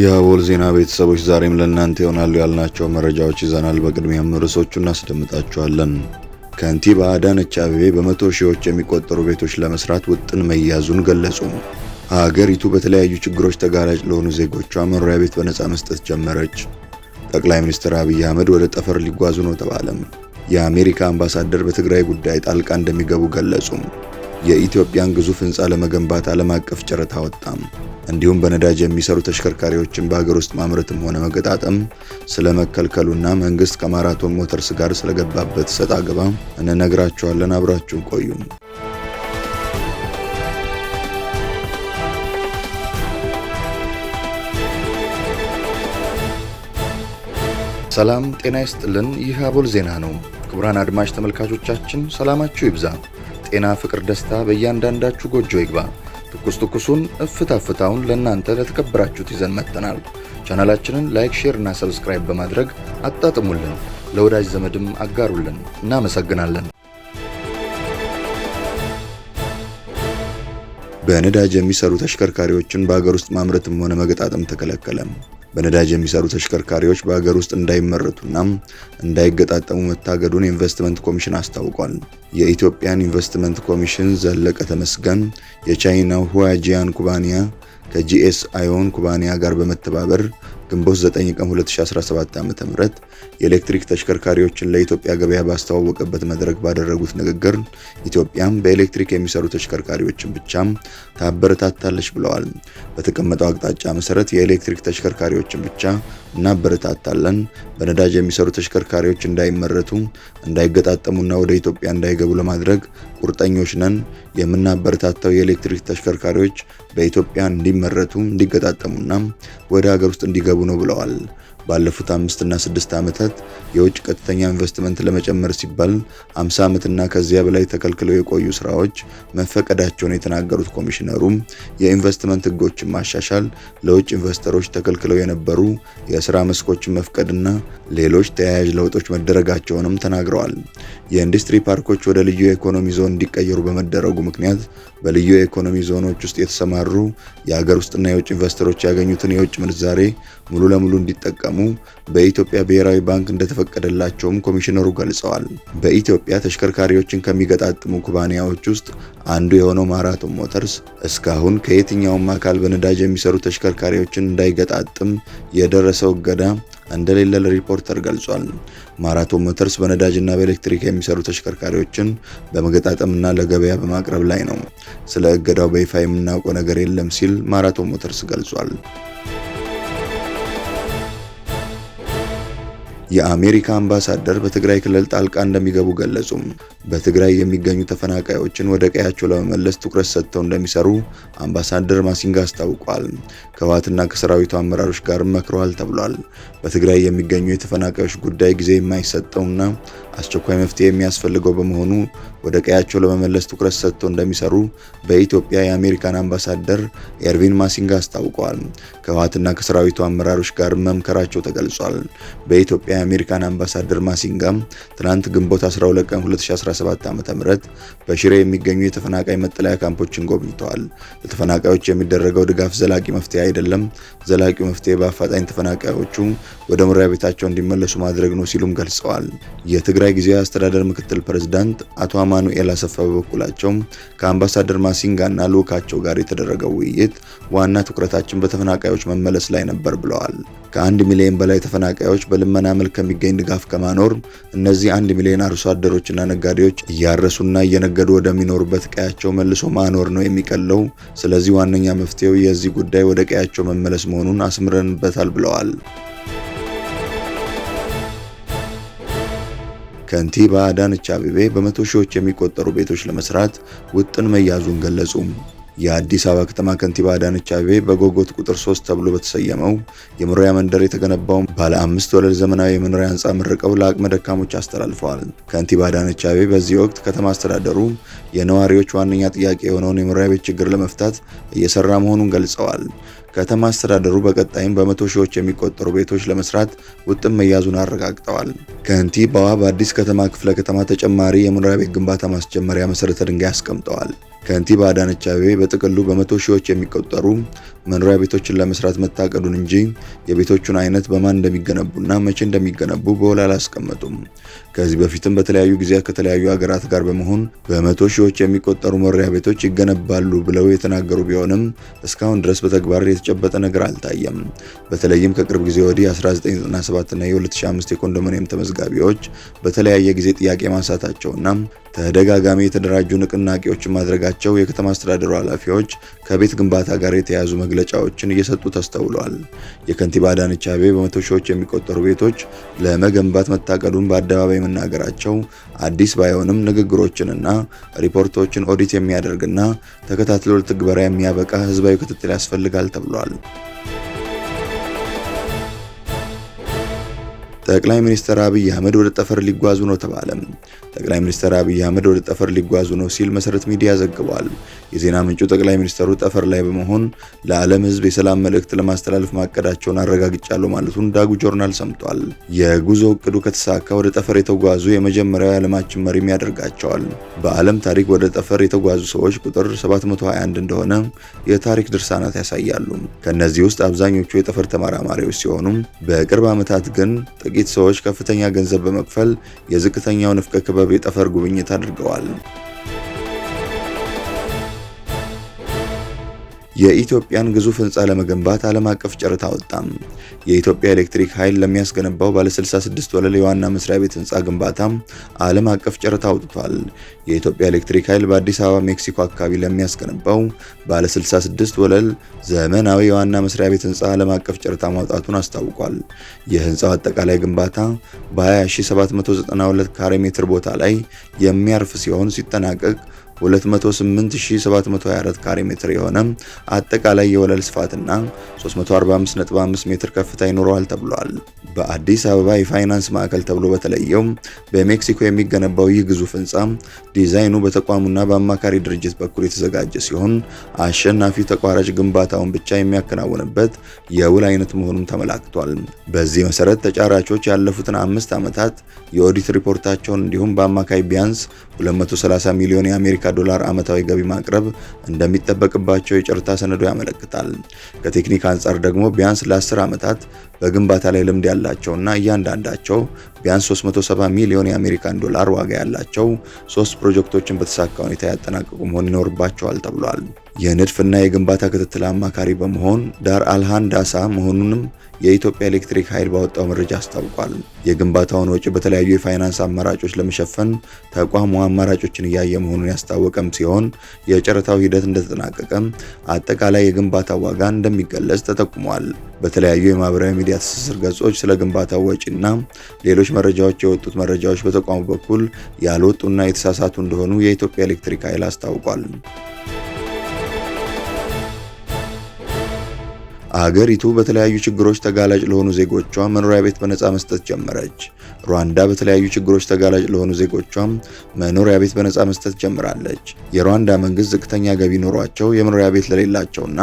የአቦል ዜና ቤተሰቦች ዛሬም ለእናንተ ይሆናሉ ያልናቸው መረጃዎች ይዘናል። በቅድሚያም ርዕሶቹ እናስደምጣቸዋለን። ከንቲባ አዳነች አቤቤ በመቶ ሺዎች የሚቆጠሩ ቤቶች ለመስራት ውጥን መያዙን ገለጹ። ሀገሪቱ በተለያዩ ችግሮች ተጋላጭ ለሆኑ ዜጎቿ መኖሪያ ቤት በነፃ መስጠት ጀመረች። ጠቅላይ ሚኒስትር አብይ አህመድ ወደ ጠፈር ሊጓዙ ነው ተባለም። የአሜሪካ አምባሳደር በትግራይ ጉዳይ ጣልቃ እንደሚገቡ ገለጹም። የኢትዮጵያን ግዙፍ ህንፃ ለመገንባት ዓለም አቀፍ ጨረታ ወጣም። እንዲሁም በነዳጅ የሚሰሩ ተሽከርካሪዎችን በሀገር ውስጥ ማምረትም ሆነ መገጣጠም ስለመከልከሉና መንግስት ከማራቶን ሞተርስ ጋር ስለገባበት ሰጥ አገባ እንነግራችኋለን። አብራችሁን ቆዩም። ሰላም ጤና ይስጥልን። ይህ አቦል ዜና ነው። ክቡራን አድማጭ ተመልካቾቻችን ሰላማችሁ ይብዛ፣ ጤና፣ ፍቅር፣ ደስታ በእያንዳንዳችሁ ጎጆ ይግባ። ትኩስ ትኩሱን እፍታ ፍታውን ለእናንተ ለተከበራችሁት ይዘን መጥተናል። ቻናላችንን ላይክ፣ ሼር እና ሰብስክራይብ በማድረግ አጣጥሙልን፣ ለወዳጅ ዘመድም አጋሩልን። እናመሰግናለን። በነዳጅ የሚሰሩ ተሽከርካሪዎችን በአገር ውስጥ ማምረትም ሆነ መገጣጠም ተከለከለም። በነዳጅ የሚሰሩ ተሽከርካሪዎች በሀገር ውስጥ እንዳይመረቱና እንዳይገጣጠሙ መታገዱን የኢንቨስትመንት ኮሚሽን አስታውቋል። የኢትዮጵያን ኢንቨስትመንት ኮሚሽን ዘለቀ ተመስገን የቻይናው ሁዋጂያን ኩባንያ ከጂኤስ አዮን ኩባንያ ጋር በመተባበር ግንቦት 9 ቀን 2017 ዓ.ም የኤሌክትሪክ ተሽከርካሪዎችን ለኢትዮጵያ ገበያ ባስተዋወቀበት መድረክ ባደረጉት ንግግር ኢትዮጵያም በኤሌክትሪክ የሚሰሩ ተሽከርካሪዎችን ብቻም ታበረታታለች ብለዋል። በተቀመጠው አቅጣጫ መሰረት የኤሌክትሪክ ተሽከርካሪዎችን ብቻ እናበረታታለን፣ በነዳጅ የሚሰሩ ተሽከርካሪዎች እንዳይመረቱ፣ እንዳይገጣጠሙና ወደ ኢትዮጵያ እንዳይገቡ ለማድረግ ቁርጠኞች ነን። የምናበረታታው የኤሌክትሪክ ተሽከርካሪዎች በኢትዮጵያ እንዲመረቱ፣ እንዲገጣጠሙና ወደ ሀገር ውስጥ እንዲገቡ ነው ብለዋል። ባለፉት አምስትና ስድስት ዓመታት የውጭ ቀጥተኛ ኢንቨስትመንት ለመጨመር ሲባል 50 ዓመትና ከዚያ በላይ ተከልክለው የቆዩ ስራዎች መፈቀዳቸውን የተናገሩት ኮሚሽነሩም የኢንቨስትመንት ህጎችን ማሻሻል፣ ለውጭ ኢንቨስተሮች ተከልክለው የነበሩ የስራ መስኮችን መፍቀድና ሌሎች ተያያዥ ለውጦች መደረጋቸውንም ተናግረዋል። የኢንዱስትሪ ፓርኮች ወደ ልዩ የኢኮኖሚ ዞን እንዲቀየሩ በመደረጉ ምክንያት በልዩ የኢኮኖሚ ዞኖች ውስጥ የተሰማሩ የሀገር ውስጥና የውጭ ኢንቨስተሮች ያገኙትን የውጭ ምንዛሬ ሙሉ ለሙሉ እንዲጠቀሙ እንዲጠቀሙ በኢትዮጵያ ብሔራዊ ባንክ እንደተፈቀደላቸውም ኮሚሽነሩ ገልጸዋል። በኢትዮጵያ ተሽከርካሪዎችን ከሚገጣጥሙ ኩባንያዎች ውስጥ አንዱ የሆነው ማራቶን ሞተርስ እስካሁን ከየትኛውም አካል በነዳጅ የሚሰሩ ተሽከርካሪዎችን እንዳይገጣጥም የደረሰው እገዳ እንደሌለ ለሪፖርተር ገልጿል። ማራቶን ሞተርስ በነዳጅና በኤሌክትሪክ የሚሰሩ ተሽከርካሪዎችን በመገጣጠምና ለገበያ በማቅረብ ላይ ነው። ስለ እገዳው በይፋ የምናውቀው ነገር የለም ሲል ማራቶን ሞተርስ ገልጿል። የአሜሪካ አምባሳደር በትግራይ ክልል ጣልቃ እንደሚገቡ ገለጹም። በትግራይ የሚገኙ ተፈናቃዮችን ወደ ቀያቸው ለመመለስ ትኩረት ሰጥተው እንደሚሰሩ አምባሳደር ማሲንጋ አስታውቋል። ከህወሓትና ከሰራዊቱ አመራሮች ጋር መክረዋል ተብሏል። በትግራይ የሚገኙ የተፈናቃዮች ጉዳይ ጊዜ የማይሰጠውና አስቸኳይ መፍትሄ የሚያስፈልገው በመሆኑ ወደ ቀያቸው ለመመለስ ትኩረት ሰጥተው እንደሚሰሩ በኢትዮጵያ የአሜሪካን አምባሳደር ኤርቪን ማሲንጋ አስታውቀዋል። ከህወሓትና ከሰራዊቱ አመራሮች ጋር መምከራቸው ተገልጿል። በኢትዮጵያ የአሜሪካን አምባሳደር ማሲንጋ ትናንት ግንቦት 12 ቀን 2017 ዓ.ም በሽሬ የሚገኙ የተፈናቃይ መጠለያ ካምፖችን ጎብኝተዋል። ለተፈናቃዮች የሚደረገው ድጋፍ ዘላቂ መፍትሄ አይደለም፣ ዘላቂው መፍትሄ በአፋጣኝ ተፈናቃዮቹ ወደ መኖሪያ ቤታቸው እንዲመለሱ ማድረግ ነው ሲሉም ገልጸዋል። የትግራይ ጊዜያዊ አስተዳደር ምክትል ፕሬዝዳንት አቶ አማ አማኑኤል አሰፋ በበኩላቸው ከአምባሳደር ማሲንጋና ልዑካቸው ጋር የተደረገው ውይይት ዋና ትኩረታችን በተፈናቃዮች መመለስ ላይ ነበር ብለዋል። ከአንድ ሚሊዮን በላይ ተፈናቃዮች በልመና መልክ ከሚገኝ ድጋፍ ከማኖር እነዚህ አንድ ሚሊዮን አርሶ አደሮችና ነጋዴዎች እያረሱና እየነገዱ ወደሚኖሩበት ቀያቸው መልሶ ማኖር ነው የሚቀለው። ስለዚህ ዋነኛ መፍትሄው የዚህ ጉዳይ ወደ ቀያቸው መመለስ መሆኑን አስምረንበታል ብለዋል። ከንቲባ አዳነች አቤቤ በመቶ ሺዎች የሚቆጠሩ ቤቶች ለመስራት ውጥን መያዙን ገለጹ። የአዲስ አበባ ከተማ ከንቲባ አዳነች አቤቤ በጎጎት ቁጥር 3 ተብሎ በተሰየመው የመኖሪያ መንደር የተገነባውን ባለ አምስት ወለል ዘመናዊ የመኖሪያ ህንፃ መርቀው ለአቅመ ደካሞች አስተላልፈዋል። ከንቲባ አዳነች አቤቤ በዚህ ወቅት ከተማ አስተዳደሩ የነዋሪዎች ዋነኛ ጥያቄ የሆነውን የመኖሪያ ቤት ችግር ለመፍታት እየሰራ መሆኑን ገልጸዋል። ከተማ አስተዳደሩ በቀጣይም በመቶ ሺዎች የሚቆጠሩ ቤቶች ለመስራት ውጥን መያዙን አረጋግጠዋል። ከንቲባዋ በአዲስ ከተማ ክፍለ ከተማ ተጨማሪ የመኖሪያ ቤት ግንባታ ማስጀመሪያ መሰረተ ድንጋይ አስቀምጠዋል። ከንቲባ አዳነች አቤቤ በጥቅሉ በመቶ ሺዎች የሚቆጠሩ መኖሪያ ቤቶችን ለመስራት መታቀዱን እንጂ የቤቶቹን አይነት በማን እንደሚገነቡና መቼ እንደሚገነቡ በውል አላስቀመጡም። ከዚህ በፊትም በተለያዩ ጊዜያት ከተለያዩ ሀገራት ጋር በመሆን በመቶ ሺዎች የሚቆጠሩ መኖሪያ ቤቶች ይገነባሉ ብለው የተናገሩ ቢሆንም እስካሁን ድረስ በተግባር የተጨበጠ ነገር አልታየም። በተለይም ከቅርብ ጊዜ ወዲህ 1997ና የ2005 የኮንዶሚኒየም ተመዝጋቢዎች በተለያየ ጊዜ ጥያቄ ማንሳታቸውና ተደጋጋሚ የተደራጁ ንቅናቄዎችን ማድረጋቸው የከተማ አስተዳደሩ ኃላፊዎች ከቤት ግንባታ ጋር የተያያዙ መግለጫዎችን እየሰጡ ተስተውሏል። የከንቲባ አዳነች አቤቤ በመቶ ሺዎች የሚቆጠሩ ቤቶች ለመገንባት መታቀዱን በአደባባይ መናገራቸው አዲስ ባይሆንም ንግግሮችንና ሪፖርቶችን ኦዲት የሚያደርግና ተከታትሎ ለትግበራ የሚያበቃ ህዝባዊ ክትትል ያስፈልጋል ተብሏል። ጠቅላይ ሚኒስትር አብይ አህመድ ወደ ጠፈር ሊጓዙ ነው ተባለም። ጠቅላይ ሚኒስትር አብይ አህመድ ወደ ጠፈር ሊጓዙ ነው ሲል መሰረት ሚዲያ ዘግቧል። የዜና ምንጩ ጠቅላይ ሚኒስትሩ ጠፈር ላይ በመሆን ለዓለም ሕዝብ የሰላም መልእክት ለማስተላለፍ ማቀዳቸውን አረጋግጫለሁ ማለቱን ዳጉ ጆርናል ሰምቷል። የጉዞ እቅዱ ከተሳካ ወደ ጠፈር የተጓዙ የመጀመሪያው የዓለማችን መሪም ያደርጋቸዋል። በዓለም ታሪክ ወደ ጠፈር የተጓዙ ሰዎች ቁጥር 721 እንደሆነ የታሪክ ድርሳናት ያሳያሉ። ከእነዚህ ውስጥ አብዛኞቹ የጠፈር ተመራማሪዎች ሲሆኑም በቅርብ ዓመታት ግን ጥቂት ሰዎች ከፍተኛ ገንዘብ በመክፈል የዝቅተኛውን ንፍቀ ክበብ የጠፈር ጉብኝት አድርገዋል። የኢትዮጵያን ግዙፍ ህንፃ ለመገንባት ዓለም አቀፍ ጨረታ አወጣም። የኢትዮጵያ ኤሌክትሪክ ኃይል ለሚያስገነባው ባለ 66 ወለል የዋና መስሪያ ቤት ህንፃ ግንባታ ዓለም አቀፍ ጨረታ አውጥቷል። የኢትዮጵያ ኤሌክትሪክ ኃይል በአዲስ አበባ ሜክሲኮ አካባቢ ለሚያስገነባው ባለ 66 ወለል ዘመናዊ የዋና መስሪያ ቤት ህንፃ ዓለም አቀፍ ጨረታ ማውጣቱን አስታውቋል። የህንፃው አጠቃላይ ግንባታ በ20792 ካሬ ሜትር ቦታ ላይ የሚያርፍ ሲሆን ሲጠናቀቅ 28724 ካሬ ሜትር የሆነ አጠቃላይ የወለል ስፋትና 345.5 ሜትር ከፍታ ይኖረዋል ተብሏል። በአዲስ አበባ የፋይናንስ ማዕከል ተብሎ በተለየው በሜክሲኮ የሚገነባው ይህ ግዙፍ ህንፃ ዲዛይኑ በተቋሙና በአማካሪ ድርጅት በኩል የተዘጋጀ ሲሆን አሸናፊ ተቋራጭ ግንባታውን ብቻ የሚያከናውንበት የውል አይነት መሆኑን ተመላክቷል። በዚህ መሰረት ተጫራቾች ያለፉትን አምስት ዓመታት የኦዲት ሪፖርታቸውን እንዲሁም በአማካይ ቢያንስ 230 ሚሊዮን የአሜሪካ የአሜሪካ ዶላር ዓመታዊ ገቢ ማቅረብ እንደሚጠበቅባቸው የጨረታ ሰነዱ ያመለክታል። ከቴክኒክ አንጻር ደግሞ ቢያንስ ለ10 ዓመታት በግንባታ ላይ ልምድ ያላቸውና እያንዳንዳቸው ቢያንስ 370 ሚሊዮን የአሜሪካን ዶላር ዋጋ ያላቸው ሶስት ፕሮጀክቶችን በተሳካ ሁኔታ ያጠናቀቁ መሆን ይኖርባቸዋል ተብሏል። የንድፍና የግንባታ ክትትል አማካሪ በመሆን ዳር ዳሳ መሆኑንም የኢትዮጵያ ኤሌክትሪክ ኃይል ባወጣው መረጃ አስታውቋል። የግንባታውን ወጪ በተለያዩ የፋይናንስ አማራጮች ለመሸፈን ተቋሙ አማራጮችን እያየ መሆኑን ያስታወቀም ሲሆን የጨረታው ሂደት እንደተጠናቀቀም አጠቃላይ የግንባታ ዋጋ እንደሚገለጽ ተጠቁሟል። በተለያዩ የማህበራዊ ሚዲያ ትስስር ገጾች ስለ ወጪ ወጪና ሌሎች መረጃዎች የወጡት መረጃዎች በተቋሙ በኩል ያልወጡና የተሳሳቱ እንደሆኑ የኢትዮጵያ ኤሌክትሪክ ኃይል አስታውቋል። አገሪቱ በተለያዩ ችግሮች ተጋላጭ ለሆኑ ዜጎቿ መኖሪያ ቤት በነፃ መስጠት ጀመረች። ሩዋንዳ በተለያዩ ችግሮች ተጋላጭ ለሆኑ ዜጎቿ መኖሪያ ቤት በነፃ መስጠት ጀምራለች። የሩዋንዳ መንግስት ዝቅተኛ ገቢ ኖሯቸው የመኖሪያ ቤት ለሌላቸውና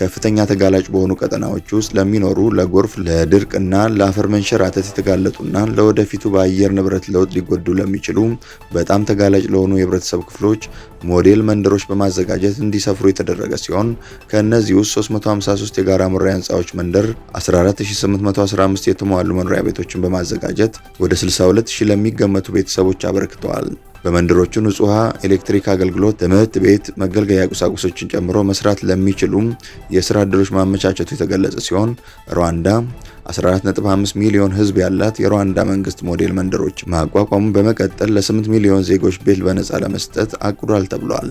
ከፍተኛ ተጋላጭ በሆኑ ቀጠናዎች ውስጥ ለሚኖሩ ለጎርፍ፣ ለድርቅና ለአፈር መንሸራተት የተጋለጡና ለወደፊቱ በአየር ንብረት ለውጥ ሊጎዱ ለሚችሉ በጣም ተጋላጭ ለሆኑ የህብረተሰብ ክፍሎች ሞዴል መንደሮች በማዘጋጀት እንዲሰፍሩ የተደረገ ሲሆን ከእነዚህ ውስጥ 353 የጋራ የጋራ መኖሪያ ህንፃዎች መንደር 14815 የተሟሉ መኖሪያ ቤቶችን በማዘጋጀት ወደ 62ሺ ለሚገመቱ ቤተሰቦች አበርክተዋል። በመንደሮቹ ንጹህ ውሃ፣ ኤሌክትሪክ አገልግሎት፣ ትምህርት ቤት፣ መገልገያ ቁሳቁሶችን ጨምሮ መስራት ለሚችሉም የስራ እድሎች ማመቻቸቱ የተገለጸ ሲሆን ሩዋንዳ 14.5 ሚሊዮን ህዝብ ያላት የሩዋንዳ መንግስት ሞዴል መንደሮች ማቋቋሙ በመቀጠል ለ8 ሚሊዮን ዜጎች ቤት በነፃ ለመስጠት አቅዷል ተብሏል።